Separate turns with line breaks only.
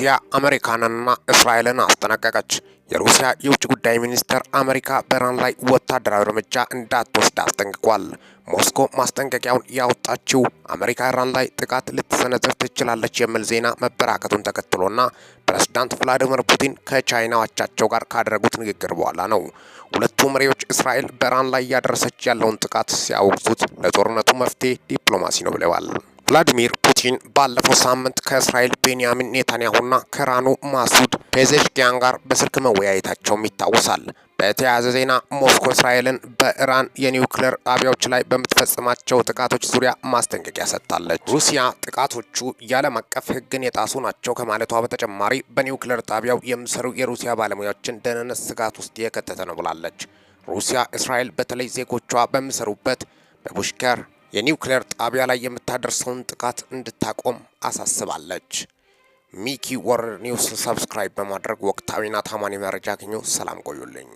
ሩሲያ አሜሪካንና እስራኤልን አስጠነቀቀች። የሩሲያ የውጭ ጉዳይ ሚኒስትር አሜሪካ በኢራን ላይ ወታደራዊ እርምጃ እንዳትወስድ አስጠንቅቋል። ሞስኮ ማስጠንቀቂያውን ያወጣችው አሜሪካ ኢራን ላይ ጥቃት ልትሰነዝር ትችላለች የሚል ዜና መበራከቱን ተከትሎና ፕሬዝዳንት ቭላዲሚር ፑቲን ከቻይና አቻቸው ጋር ካደረጉት ንግግር በኋላ ነው። ሁለቱ መሪዎች እስራኤል በኢራን ላይ እያደረሰች ያለውን ጥቃት ሲያወግዙት ለጦርነቱ መፍትሄ ዲፕሎማሲ ነው ብለዋል። ቭላዲሚር ፑቲን ባለፈው ሳምንት ከእስራኤል ቤንያሚን ኔታንያሁና ከኢራኑ ማሱድ ፔዜሽኪያን ጋር በስልክ መወያየታቸውም ይታወሳል። በተያያዘ ዜና ሞስኮ እስራኤልን በኢራን የኒውክሌር ጣቢያዎች ላይ በምትፈጽማቸው ጥቃቶች ዙሪያ ማስጠንቀቂያ ሰጥታለች። ሩሲያ ጥቃቶቹ የዓለም አቀፍ ሕግን የጣሱ ናቸው ከማለቷ በተጨማሪ በኒውክሌር ጣቢያው የሚሰሩ የሩሲያ ባለሙያዎችን ደህንነት ስጋት ውስጥ የከተተ ነው ብላለች። ሩሲያ እስራኤል በተለይ ዜጎቿ በሚሰሩበት በቡሽከር የኒውክሌር ጣቢያ ላይ የምታደርሰውን ጥቃት እንድታቆም አሳስባለች።
ሚኪ ወርልድ ኒውስ ሰብስክራይብ በማድረግ ወቅታዊና ታማኒ መረጃ አግኙ። ሰላም ቆዩልኝ።